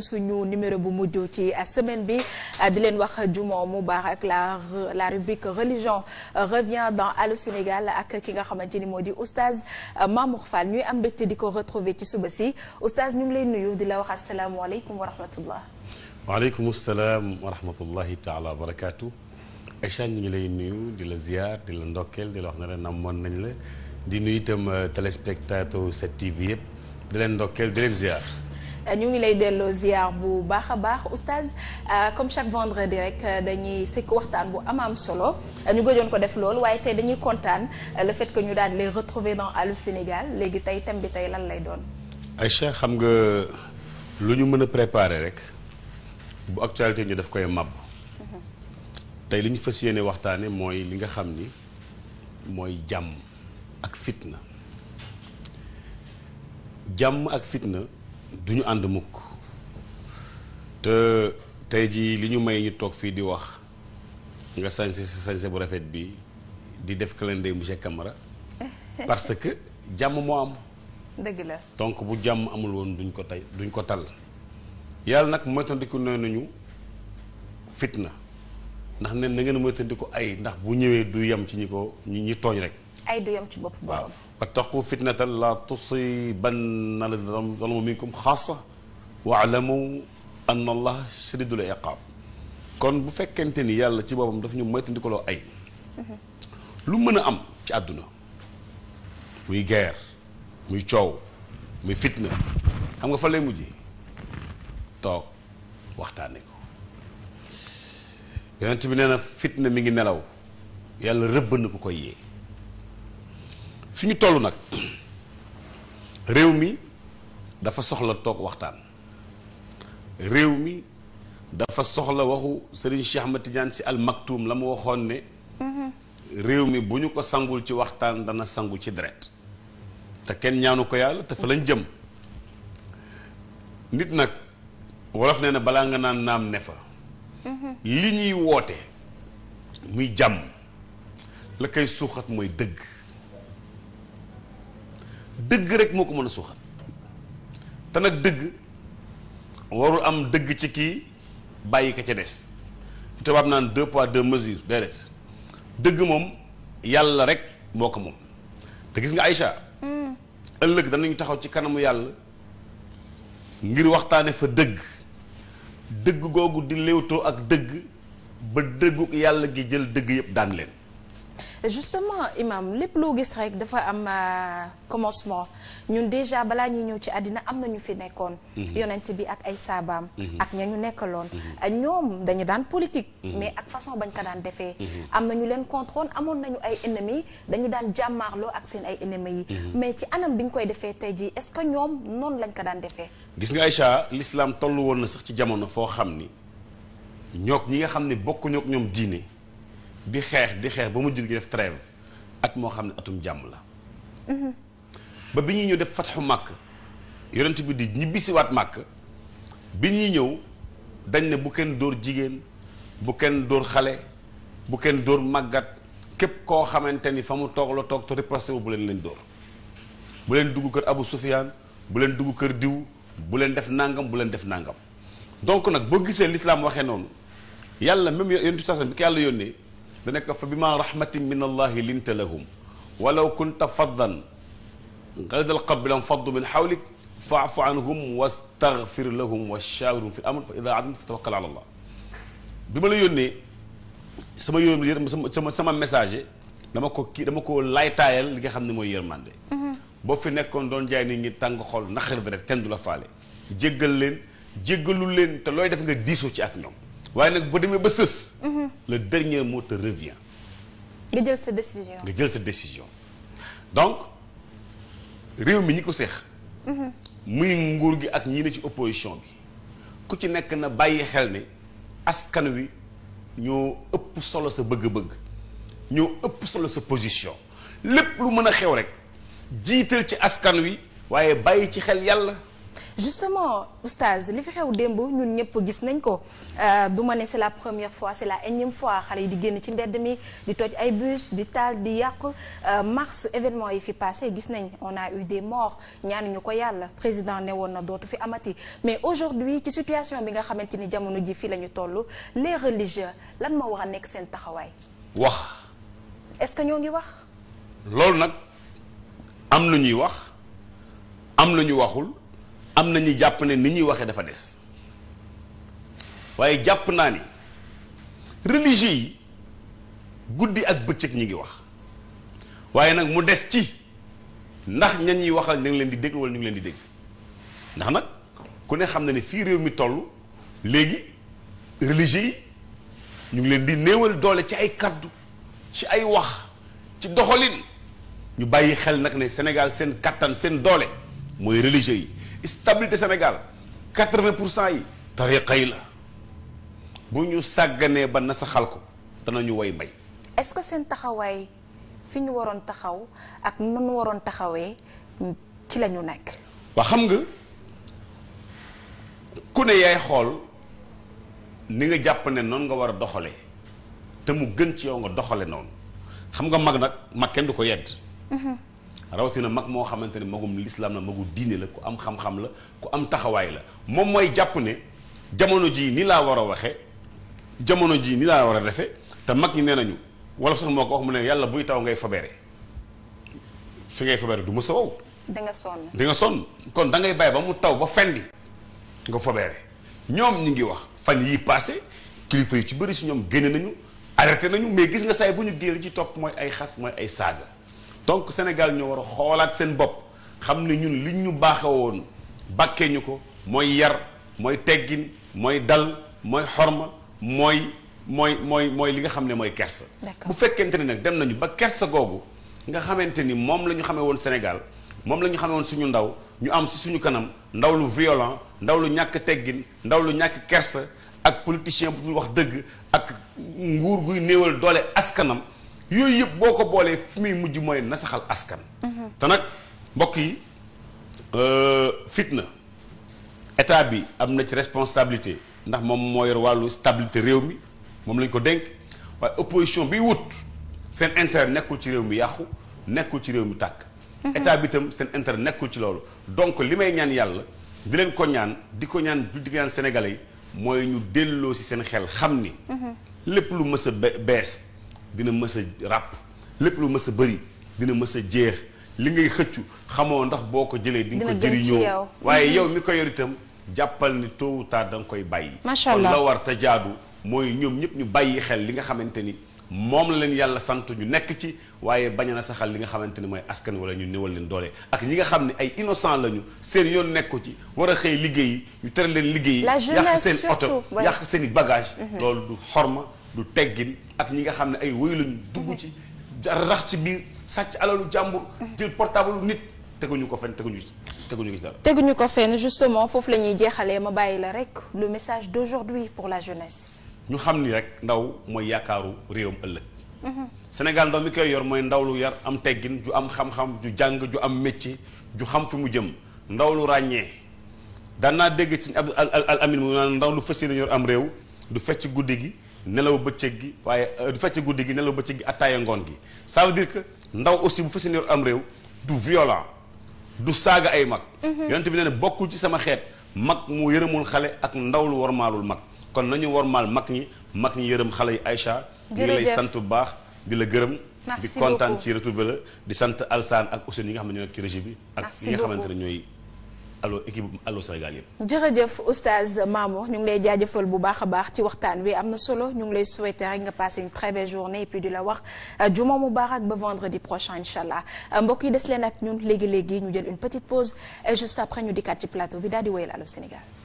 suñu numéro bu mujj ci a euh, semaine bi euh, di leen wax juma mubarak la la rubrique religion euh, revient dans Allô Sénégal ak ki nga xamante ni moo di oustaz Mamour Fall ñuy am mbégte di ko ci suba si oustaz ñu ngi lay nuyu di la wax asalaamualeykum wa rahmatullah waaleykum salaam wa rahmatullahi taala wa barakaatu Aïcha ñu ngi lay nuyu di la ziar di la ndokkeel di la wax ne la namoon nañ la di nuyu itam téléspectateur 7TV yëpp di leen ndokkeel di ñu ngi lay delloo ziar bu baax a baax oustaz euh, comme chaque vendredi rek euh, dañuy sekk waxtaan bu am am solo euh, ñu gëjoon ko def loolu waaye tey dañuy kontaan le fait que ñu daal di les retrouver dans Allô Sénégal léegi tey thème bi tey lan lay doon. Aïcha xam nga lu ñu mën a préparer rek bu actualité ñu daf koy màbb. tey li ñu fas yéene waxtaane mooy li nga xam ni mooy jàmm ak fitna jàmm ak fitna. du ñu ànd mukk te tey jii li ñu may ñi toog fii di wax nga sañse sa sañse bu rafet bi di def calendrier monsieur Camara parce que jàmm moo am. dëgg la bu jàmm amul woon duñ ko tey duñ ko tal yàlla nag moytandiku nee nañu fitna ndax ne na ngeen moytandiku ay ndax bu ñëwee du yem ci ñi ko ñi tooñ rek. ay du yam ci bopp waaw wattaqu fitnatan la tusibanna alladina zalamu minkum xaasa waalamu anna allah la iqaab kon bu fekkente ni yàlla ci boppam daf ñu moytandikoloo ay lu mën a am ci àdduna muy guerre muy coow muy fitna xam nga fa lay mujjee toog waxtaane ko yonent bi nee fitna mi ngi nelaw yàlla rëbb na ko koy yee fi ñu toll nag réew mi dafa soxla toog waxtaan réew mi dafa soxla waxu Serigne Cheikh Ahmed Tidiane Sy la mu waxoon ne réew mi bu ñu ko sangul ci waxtaan dana sangu ci deret te kenn ñaanu ko yàlla te fa lañ jëm nit nag wolof nee na balaa nga naan naam ne fa li ñuy woote muy jàmm la koy suuxat mooy dëgg dëgg rek moo ko mën a suuxat te nag dëgg warul am dëgg ci kii bàyyi ka ca des tubaab naan deux poids deux mesures déedéet dëgg moom yàlla rek moo ko moom te gis nga Aïcha ëllëg danañu taxaw ci kanamu yàlla ngir waxtaane fa dëgg dëgg googu di léewtoo ak dëgg ba dëgguk yàlla gi jël dëgg yëpp daan leen justement imam lépp loo gis rek dafa am euh, commencement ñun déjà balaa ñuy ñëw ci àddina am na ñu fi nekkoon mhm. yonent bi ak ay saabaam mhm. ak ña ñu nekkaloon ak mhm. ñoom dañu daan politique mais ak façon bañ ko daan defee am na ñu leen contrôle amoon nañu ay ennemis dañu daan jàmmaarloo ak seen ay ennemis yi mais ci anam bi ñu koy defee tey jii est-ce que ñoom noonu lañ ko daan defee gis nga Aïcha l'islam tollu woon na sax ci jamono foo xam ni ñook ñi nga xam ne bokkuñook ñoom diine di xeex di xeex ba mu jur gi def trêve at moo xam ne atum jàmm la ba bi ñuy ñëw def fatxu màkk yonent bi di ñibbisiwaat màkk bi ñuy ñëw dañ ne bu kenn dóor jigéen bu kenn dóor xale bu kenn dóor màggat képp koo xamante ni fa mu toog la toog te riposté wu bu leen door bu leen dugg kër Abu Sufyaan bu leen dugg kër diw bu leen def nangam bu leen def nangam donc nag boo gisee lislaam waxee noonu yàlla même yonent bi sasam bi ki yàlla yónnee dana ko fa bima rahmatin min allahi linta lahum walaw kunta faddan xalidal qabbilam faddu min xawlik faafu anhum wastaghfir lahum wa shaawirhum fi l amr fa ida azim fa tawakkal ala allah bi ma la yónnee sama yóon yër sama sama messager dama ko kii dama ko laytaayal li nga xam ne mooy yërmande mm-hmm. boo fi nekkoon doon jaay nit ñi tàng xol naqar deret kenn du la faale jéggal leen jéggalul leen te looy def nga diisoo ci ak ñoom waaye nag boo demee ba sës. Mhm. le dernier mot te revient. nga jël sa décision nga jël sa décision. donc réew mi ñi ko seex. Mhm. muy nguur gi ak ñii ne ci opposition bi ku ci nekk na bàyyi xel ne askan wi ñoo ëpp solo sa bëgg-bëgg ñoo ëpp solo sa position lépp lu mën a xew rek jiital ci askan wi waaye bàyyi ci xel yàlla. justement oustaz li fi xew démb ñun ñëpp gis nañ ko euh, du ma ne c'est la première fois c'est la énième fois xale yi di génn ci mbedd mi di toj ay bus di taal di yàqu euh, mars événement yi fi passé gis nañ on a eu des morts ñaanuñu ko yàlla président ne woon na dootu fi amati mais aujourd'hui ci situation bi nga xamante ni jamono ji fii lañu ñu toll les religieux lan ma wax a nekk seen taxawaay wax est-ce que ñoo ngi wax loolu nag am lu ñuy wax am lu ñu waxul am na ñu jàpp ne ni ñuy waxee dafa des waaye jàpp naa ni religieux yi guddi ak bëccëg ñu ngi wax waaye nag mu des ci ndax ña waxal ñu ngi leen di dégg wala ñu ngi leen di dégg ndax nag ku ne xam na ne fii réew mi toll léegi religieux yi ñu ngi leen di néewal doole ci ay kàddu ci ay wax ci doxalin ñu bàyyi xel nag ne Sénégal seen kattan seen doole mooy religieux yi. stabilité Sénégal quatre-vingt pour cent yi tariqa yi la bu ñu sàgganee ba nasaxal ko danañu way mbay est-ce que seen taxawaay fi ñu waroon taxaw ak nun waroon taxawee ci la ñu nekk waa xam nga ku ne yaay xool ni nga jàpp ne noonu nga war a doxalee te mu gën ci yow nga doxale noonu xam nga mag nag mag kenn du ko yedd mhm. rawatina mag moo xamante ne magum lislaam la magu diine la ku am xam-xam la ku am taxawaay la moom mooy jàpp ne jamono jii ni laa war a waxee jamono jii ni laa war a defee te mag ñi nee nañu wala sax moo ko wax mu ne yàlla buy taw ngay fobeere fi ngay fabere du ma soow wow di sonn di nga sonn kon da ngay bàyyi ba mu taw ba fendi nga fobeere ñoom ñu ngi wax fan yii passé kilifa yi ci bari si ñoom génne nañu arrêté nañu mais gis nga saay bu ñu génne ci topp mooy ay xas ay saaga donc Sénégal ñoo war a xoolaat seen bopp xam ne ñun liñ ñu baaxe woon bàkkee ñu ko mooy yar mooy teggin mooy dal mooy xorma mooy mooy mooy mooy li nga xam ne mooy kersa bu fekkente ni nag dem nañu ba kersa googu nga xamante ni moom la ñu xamee woon Sénégal moom la ñu xamee woon suñu ndaw ñu am si suñu kanam ndaw lu violent ndaw lu ñàkk teggin ndaw lu ñàkk kersa ak politicien bu wax dëgg ak nguur guy néewal doole askanam yooyu yëpp boo ko boolee fi muy mujj mooy nasaxal askan. te nag mbokk yi euh, fitna état bi am na ci responsabilité ndax moom moo wàllu stabilité réew mi moom lañ ko dénk waaye opposition bi wut seen intérêt nekkul ci réew mi yàqu nekkul ci réew mi tàkk. Mhm. état bi itam seen intérêt nekkul ci loolu donc li may ñaan yàlla di leen ko ñaan di ko ñaan di ko ñaan sénégalais mooy ñu delloo si seen xel xam ni. Mhm. lépp lu mës a bees. dina mës ràpp lépp lu mës bëri dina mës a li ngay xëccu xamoo ndox boo ko jëlee di nga ko jëriñoo waaye mm-hmm. yow mi ko yor itam jàppal ni tôt ou tard da nga koy bàyyi macha allah la war te jaadu mooy ñoom ñëpp ñu bàyyi xel li nga xamante ni moom la leen yàlla sant ñu nekk ci waaye bañ na saxal li nga xamante ni mooy askan wala ñu néewal leen doole ak ñi nga xam ne ay innocent lañu seen yoon nekk ko ci war a xëy liggéeyi ñu tere leen liggéeyi yàq seen oto yàq seen bagage mm-hmm. loolu du xorma du teggin ak ñi nga xam ne ay woyu lañu dugg ci rax ci biir sàcc alalu jàmbur jël portable nit teguñu ko fenn teguñu ci dara teguñu ko fenn justement foofu la ñuy jeexalee ma bàyyi la rek le message d'aujourd'hui pour la jeunesse ñu xam ni rek ndaw mooy yaakaaru réew réewam ëllëg mhm. Sénégal ndaw mi koy yor mooy ndaw lu yar am teggin ju am xam-xam ju jàng ju am métier ju xam fi mu jëm ndaw lu ràññee daan naa dégg ci ab al amin mu naan ndaw lu fas yéene yor am réew du fecc guddi gi nelaw bëccëg gi waaye euh, du fecc guddi gi nelaw bëccëg gi attaaya ngoon gi ça veut dire que ndaw aussi bu fas yéene am réew du violent du saaga ay mag mhm. yonent bi ne bokkul ci sama xeet mag mu yërëmul xale ak ndaw lu warmaalul mag kon nañu warmaal mag ñi mag ñi yërëm xale yi Aïcha ñu ngi lay sant bu baax di la gërëm di kontaan ci retrouver la di sant Alsaan ak Ousseynou ñi nga xam ne ñoo nekk ci bi ak ñi nga xamante ne ñooy allo équipe allo jërëjëf oustaz Mamour ñu ngi lay jaajëfal bu baax a baax ci waxtaan wi am na solo ñu ngi lay souhaiter rek nga passer une très belle journée et puis di la wax juma euh, mubarak ba vendredi prochain incha allah euh, mbokk yi des leen ak ñun léegi léegi ñu jël une petite pause et après ñu dikkaat ci plateau bi daal di wéyal allo Sénégal.